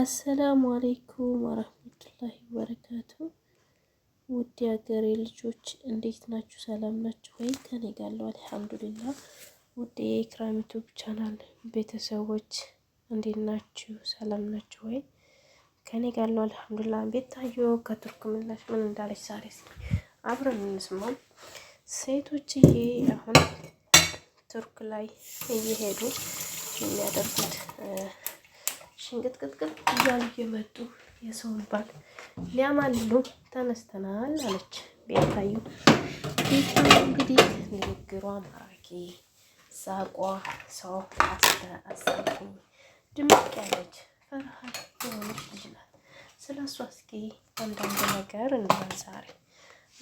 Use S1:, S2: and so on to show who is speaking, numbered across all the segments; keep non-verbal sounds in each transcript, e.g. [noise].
S1: አሰላሙ አሌይኩም ወረህመቱላሂ ወበረካቱ። ውድ የሀገሬ ልጆች እንዴት ናችሁ? ሰላም ናችሁ ወይ? ከኔ ጋር አለው አልሐምዱሊላ። ውድ የኢክራም ዩቱብ ቻናል ቤተሰቦች እንዴት ናችሁ? ሰላም ናችሁ ወይ? ከኔ ጋር አለው አልሐምዱሊላ። ቤታዮ ከቱርክ ምላሽ ምን እንዳለች ዛሬ አብረን እንስማም። ሴቶችዬ አሁን ቱርክ ላይ እየሄዱ የሚያደርጉት ሽንቅጥቅጥቅጥ እያሉ እየመጡ የሰውን ባል ሊያማልሉ ተነስተናል አለች ቤታዩ። ቤታዩ እንግዲህ ንግግሯ ማራኪ፣ ሳቋ ሰው አሳቂ፣ ድምቅ ያለች ፈርሃት የሆነች ልጅ ናት። ስለ እሷ እስኪ አንዳንድ ነገር እንበል ዛሬ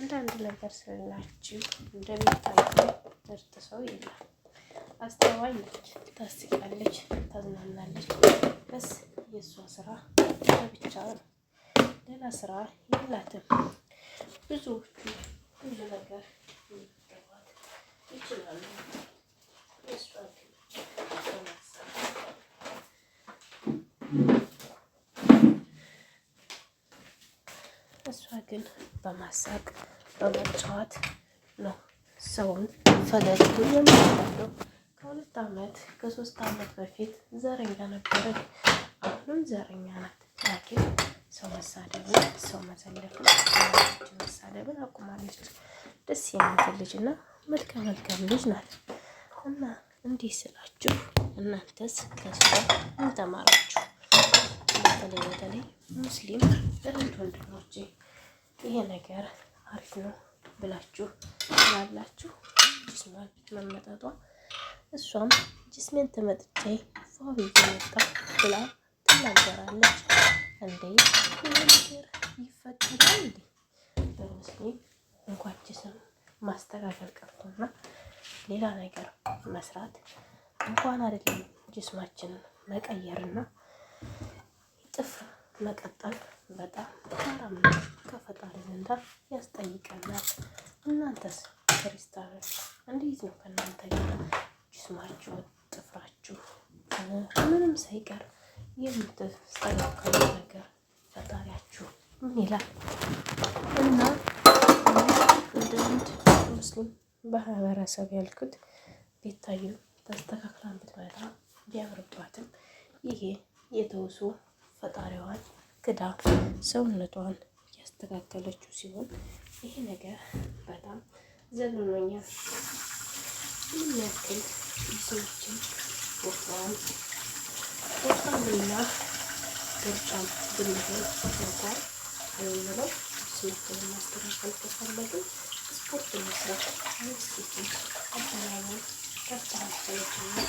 S1: አንዳንድ ነገር ስላችሁ እንደ ቤታዩ ምርጥ ሰው ይላል። አስተዋይ ነች፣ ታስቃለች፣ ታዝናናለች። በስ የእሷ ስራ ብቻ ነው፣ ሌላ ስራ የላትም። ብዙዎቹ ብዙ ነገር ይገባት ይችላሉ። እሷ ግን በማሳቅ በመጫወት ነው ሰውን ፈገግ የሚያደርገው። ዓመት ከሶስት ዓመት በፊት ዘረኛ ነበረች። አሁንም ዘረኛ ናት። ላኪን ሰው መሳደብን ሰው መዘለፍን መሳደብን አቁማለች። ደስ የምትል ልጅ እና መልካም መልካም ልጅ ናት እና እንዲህ ስላችሁ እናንተስ ከሷ ምን ተማራችሁ? በተለይ በተለይ ሙስሊም እህት ወንድሞቼ ይሄ ነገር አሪፍ ነው ብላችሁ ላላችሁ ጅስማን መመጠጧ እሷም ጅስሜን ተመጥቼ ፏብ እየመጣ ብላ ትናገራለች። እንዴ ይህ ነገር ይፈቀዳል እንዴ? በምስሌ እንኳን ጅስም ማስተካከል ቀርቶና ሌላ ነገር መስራት እንኳን አይደለም ጅስማችንን መቀየርና ጥፍር መቀጠል በጣም ሐራም ነው፣ ከፈጣሪ ዘንዳ ያስጠይቀናል። እናንተስ ክርስቲያኖች እንዴት ነው ከእናንተ ጋር? ስማችሁ ጥፍራችሁ ምንም ሳይቀር የምትስተካከሉ ነገር ፈጣሪያችሁ ምን ይላል እና እንደ ሙስሊም ማህበረሰብ ያልኩት ቤታዩ ተስተካክላን ብትመጣ ቢያምርባትም ይሄ የተውሶ ፈጣሪዋን ክዳ ሰውነቷን ያስተካከለችው ሲሆን ይሄ ነገር በጣም ዘግኖኛል። ምን ያክል ሰዎችን ወፍራም ወፍራምና ገርጫም ብንሆን እንኳን የምንለው ስሜትን ማስተካከል ከፈለጉ ስፖርት መስራት አንድ ሴቶች አበላሉ ተስተካከለችና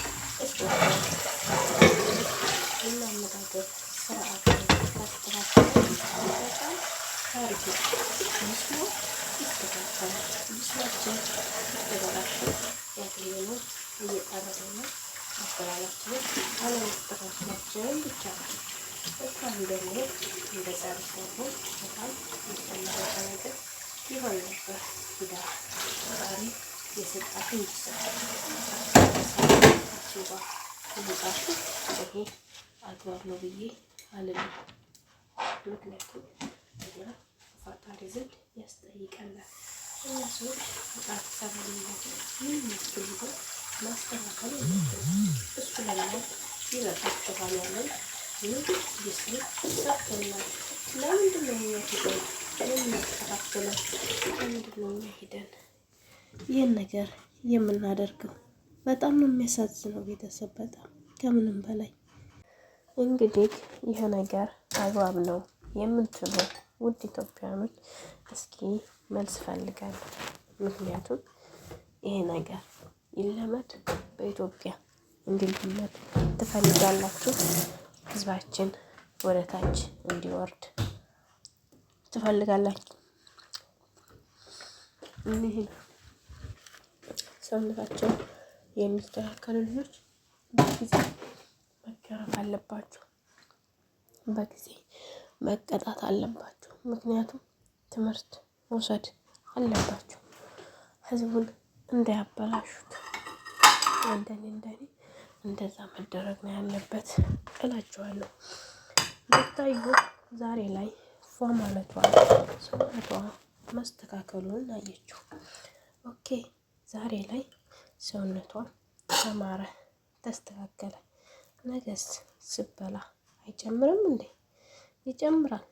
S1: ጥሩ አልነበር። ዳ ፈጣሪ የሰጣችሁ ይሰጣችሁ ጋር ይሄ አግባብ ነው ብዬ አልልም። ምክንያቱም እኛ ፈጣሪ ዘንድ ያስጠይቀናል። እኛ ሰዎች ፈጣሪ ሰራልናቸው ምንም ያስፈልገው ማስተካከል እሱ ለማለት ይበቃችኋል ያለን ምንም ይስሩ ሰርተናል። ለምንድን ነው ሄደን ይህን ነገር የምናደርገው በጣም ነው የሚያሳዝነው። ቤተሰብ በጣም ከምንም በላይ እንግዲህ ይህ ነገር አግባብ ነው የምትሉ ውድ ኢትዮጵያኖች እስኪ መልስ ፈልጋለሁ። ምክንያቱም ይሄ ነገር ይለመድ፣ በኢትዮጵያ እንዲለመድ ትፈልጋላችሁ? ህዝባችን ወደታች እንዲወርድ ትፈልጋላችሁ። እኒህን ሰውነታቸው የሚስተካከሉ ልጆች በጊዜ መገረፍ አለባቸው፣ በጊዜ መቀጣት አለባቸው። ምክንያቱም ትምህርት መውሰድ አለባቸው። ህዝቡን እንዳያበላሹት። እንደኔ እንደኔ እንደዛ መደረግ ነው ያለበት እላቸዋለሁ። ብታዩ ዛሬ ላይ ማለቷ ሰውነቷ መስተካከሉን አየችው። ኦኬ ዛሬ ላይ ሰውነቷ ተማረ፣ ተስተካከለ። ነገስ ስበላ አይጨምርም እንዴ? ይጨምራል።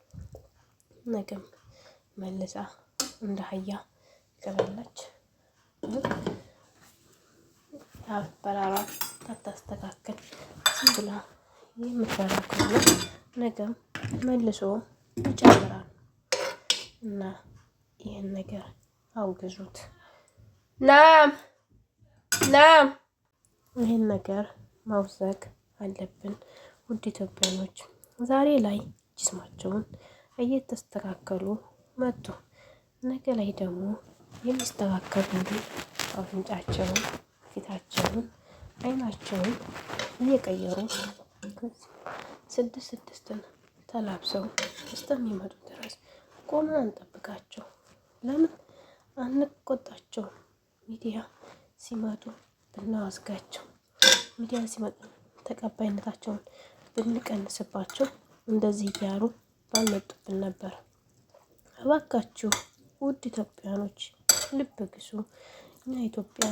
S1: ነገም መልሳ እንደ አህያ ትበላለች። አበራራ ታታስተካከል ዝም ብላ የምትበላ ከሆነ ነገም መልሶ ይጨምራል እና ይህን ነገር አውግዙት። ናም ናም ይህን ነገር ማውዘግ አለብን። ውድ ኢትዮጵያኖች ዛሬ ላይ ጅስማቸውን እየተስተካከሉ መጡ። ነገ ላይ ደግሞ የሚስተካከሉ እንዲ አፍንጫቸውን፣ ፊታቸውን፣ አይናቸውን እየቀየሩ ስድስት ስድስትን ተላብሰው እስከሚመጡ ድረስ ቆመን አንጠብቃቸው። ለምን አንቆጣቸው ሚዲያ ሲመጡ ብናዋዝጋቸው ሚዲያ ሲመጡ ተቀባይነታቸውን ብንቀንስባቸው እንደዚህ እያሉ ባልመጡብን ነበር። እባካችሁ ውድ ኢትዮጵያኖች ልብ ግሱ። እኛ ኢትዮጵያ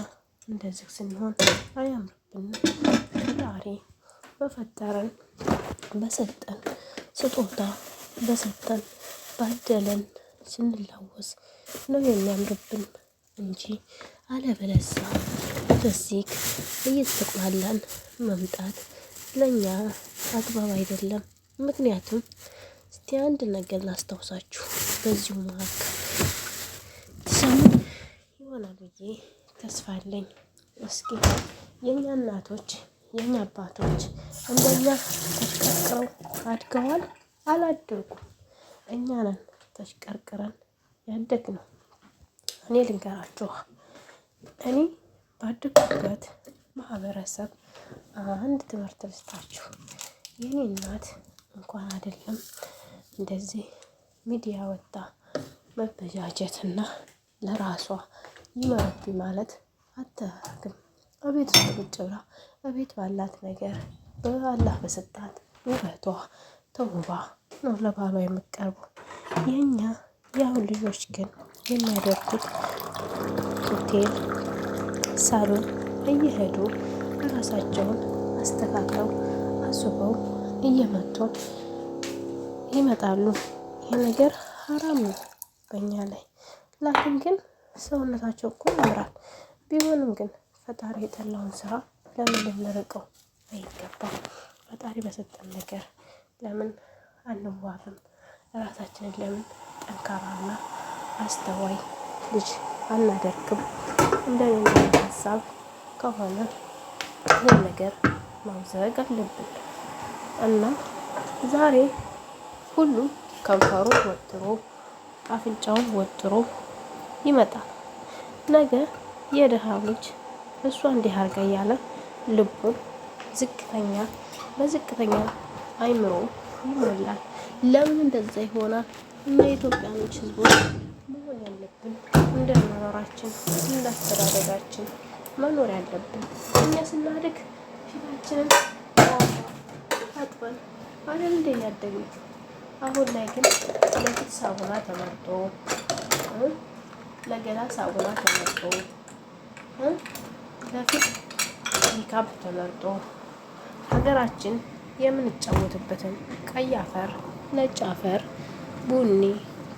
S1: እንደዚህ ስንሆን አያምርብንም። ፈጣሪ በፈጠረን በሰጠን ስጦታ በሰጠን ባደለን ስንላወስ ነው የሚያምርብን እንጂ አለበለዛ በዚህ እየተቁላላን መምጣት ለእኛ አግባብ አይደለም። ምክንያቱም እስቲ አንድ ነገር ላስታውሳችሁ። በዚሁ መካከል ሰሙ ይሆናል ብዬ ተስፋ አለኝ። እስኪ የእኛ እናቶች የኛ አባቶች እንደኛ ተሽቀርቅረው አድገዋል? አላደጉም። እኛ ነን ተሽቀርቅረን ያደግነው። እኔ ልንገራችሁ፣ እኔ ባደግኩበት ማህበረሰብ አንድ ትምህርት ልስጣችሁ። የኔ እናት እንኳን አይደለም እንደዚህ ሚዲያ ወጣ መበጃጀትና ለራሷ ይመረብ ማለት አተግም። እቤት ውስጥ ቁጭ ብላ እቤት ባላት ነገር አላህ በሰጣት ውበቷ ተውባ ነው ለባሏ የምትቀርቡ። የእኛ የአሁን ልጆች ግን የሚያደርጉት ሆቴል፣ ሳሎን እየሄዱ ራሳቸውን አስተካክለው አስበው እየመቱን ይመጣሉ። ይህ ነገር ሀራም ነው በእኛ ላይ። ላኪን ግን ሰውነታቸው እኮ ያምራል። ቢሆንም ግን ፈጣሪ የጠላውን ስራ ለምን ልንርቀው አይገባም። ፈጣሪ በሰጠን ነገር ለምን አንዋብም? ራሳችንን ለምን ጠንካራና አስተዋይ ልጅ አናደርግም? እንደኔ ሀሳብ ከሆነ ይህን ነገር ማውዘግ አለብን እና ዛሬ ሁሉም ከንፈሩ ወጥሮ አፍንጫውን ወጥሮ ይመጣል። ነገ የድሃ ልጅ እሷ እንዲህ አርጋ እያለ ልቡን ዝቅተኛ በዝቅተኛ አይምሮ ይሞላል። ለምን እንደዛ ይሆናል? እኛ የኢትዮጵያኖች ህዝቦች መሆን ያለብን እንደ መኖራችን እንደ አስተዳደጋችን መኖር ያለብን እኛ ስናድግ ፊታችንን አጥበን አይደል እንደ ያደግን። አሁን ላይ ግን ለፊት ሳቡና ተመርጦ ለገላ ሳቡና ተመርጦ በፊት ሜካፕ ተመርጦ ሀገራችን የምንጫወትበትን ቀይ አፈር፣ ነጭ አፈር፣ ቡኒ፣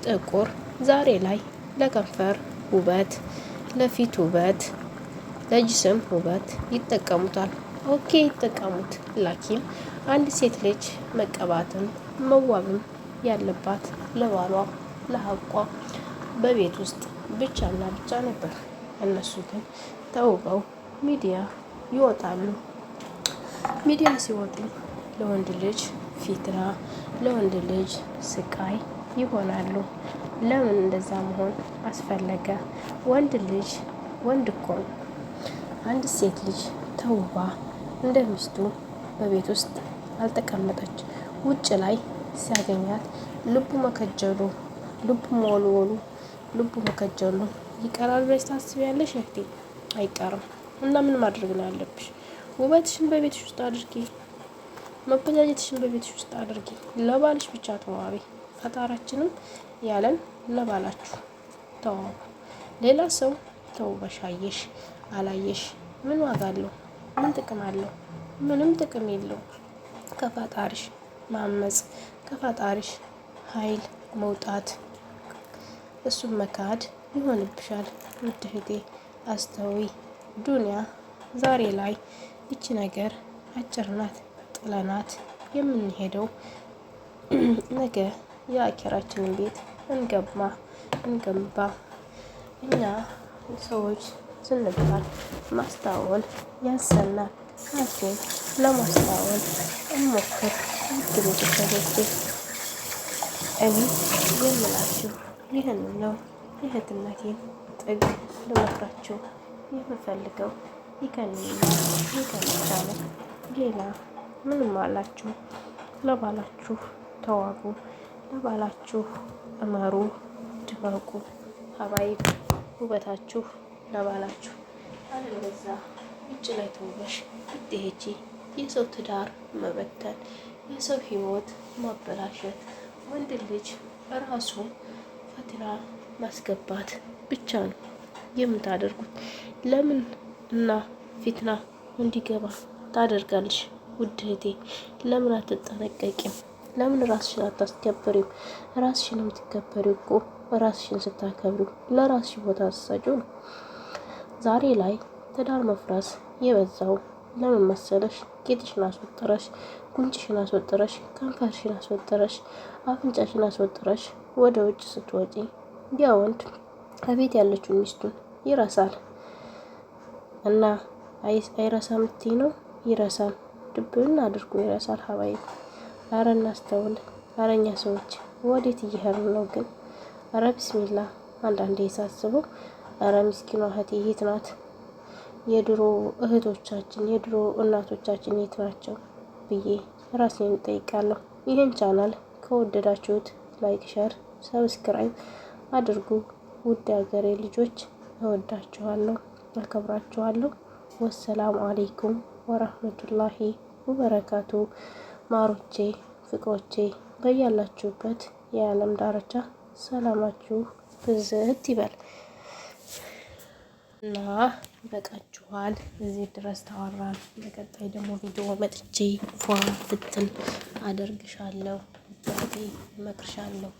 S1: ጥቁር ዛሬ ላይ ለከንፈር ውበት፣ ለፊት ውበት፣ ለጅስም ውበት ይጠቀሙታል። ኦኬ ይጠቀሙት። ላኪን አንድ ሴት ልጅ መቀባትም መዋብም ያለባት ለባሏ ለሀቋ በቤት ውስጥ ብቻና ብቻ ነበር። እነሱ ግን ተውበው ሚዲያ ይወጣሉ። ሚዲያ ሲወጡ ለወንድ ልጅ ፊትና ለወንድ ልጅ ስቃይ ይሆናሉ። ለምን እንደዛ መሆን አስፈለገ? ወንድ ልጅ ወንድ እኮ ነው። አንድ ሴት ልጅ ተውባ እንደ ሚስቱ በቤት ውስጥ አልተቀመጠች፣ ውጭ ላይ ሲያገኛት ልቡ መከጀሉ ልቡ መወልወሉ ልቡ መከጀሉ ይቀራል ብለሽ ታስቢያለሽ? እህቴ አይቀርም። እና ምን ማድረግ ነው ያለብሽ? ውበትሽን በቤትሽ ውስጥ አድርጊ። መበጃጀትሽን በቤትሽ ውስጥ አድርጊ። ለባልሽ ብቻ ተዋቢ። ፈጣራችንም ያለን ለባላችሁ ተዋቡ። ሌላ ሰው ተውበሽ አየሽ አላየሽ ምን ዋጋ አለው? ምን ጥቅም አለው? ምንም ጥቅም የለው። ከፈጣሪሽ ማመጽ፣ ከፈጣሪሽ ኃይል መውጣት፣ እሱን መካድ ይሆንብሻል። ውድ እህቴ አስተውይ። ዱንያ ዛሬ ላይ ይቺ ነገር አጭር ናት። ጥለናት የምንሄደው [clears throat] ነገ የአኬራችንን ቤት እንገማ እንገንባ። እኛ ሰዎች ስንባል ማስታወል ያንሰናል። ራሴን ለማስታወል እሞክር። ውድ ቤተሰቦች እኔ የምላችሁ ይህን ነው። የእህትነቴን ጥግ ልመክራችሁ የምፈልገው ይከንኛ ይከንቻለ ጌላ ምንም አላችሁ፣ ለባላችሁ ተዋጉ፣ ለባላችሁ እመሩ፣ ድመቁ። ሀባይ ውበታችሁ ለባላችሁ አለበዛ ውጭ ላይ ተውበሽ ብትሄጂ የሰው ትዳር መበተን፣ የሰው ህይወት ማበላሸት፣ ወንድ ልጅ ራሱ ፈትና ማስገባት ብቻ ነው። የምታደርጉት? ለምን እና ፊትና እንዲገባ ታደርጋለሽ? ውድ እህቴ ለምን አትጠነቀቂም? ለምን ራስሽን አታስከብሪም? ራስሽን የምትከበሪው እኮ ራስሽን ስታከብሪው፣ ለራስሽ ቦታ አትሰጪው ነው። ዛሬ ላይ ትዳር መፍረስ የበዛው ለምን መሰለሽ? ጌጥሽን አስወጥረሽ፣ ጉንጭሽን አስወጥረሽ፣ ከንፈርሽን አስወጥረሽ፣ አፍንጫሽን አስወጥረሽ ወደ ውጭ ስትወጪ ያ ወንድ ከቤት ያለችው ሚስቱን ይረሳል እና አይረሳ ምትይ ነው ይረሳል። ድብን አድርጎ ይረሳል። ሀባይ አረ እናስተውል። አረኛ ሰዎች ወዴት እየሄድን ነው ግን? አረ ብስሚላ አንዳንዴ የሳስበው አረ ምስኪኗ እህቴ የት ናት? የድሮ እህቶቻችን የድሮ እናቶቻችን የት ናቸው ብዬ ራሴን እጠይቃለሁ። ይህን ቻናል ከወደዳችሁት ላይክ፣ ሸር፣ ሰብስክራይብ አድርጉ። ውድ ሀገሬ ልጆች እወዳችኋለሁ፣ አከብራችኋለሁ። ወሰላም አሌይኩም ወራህመቱላሂ ወበረካቱ። ማሮቼ ፍቅሮቼ፣ በያላችሁበት የዓለም ዳርቻ ሰላማችሁ ብዝት ይበል እና በቃችኋል። እዚህ ድረስ ታወራን። በቀጣይ ደግሞ ቪዲዮ መጥቼ ፏ ብትን አደርግሻለሁ፣ እመክርሻለሁ።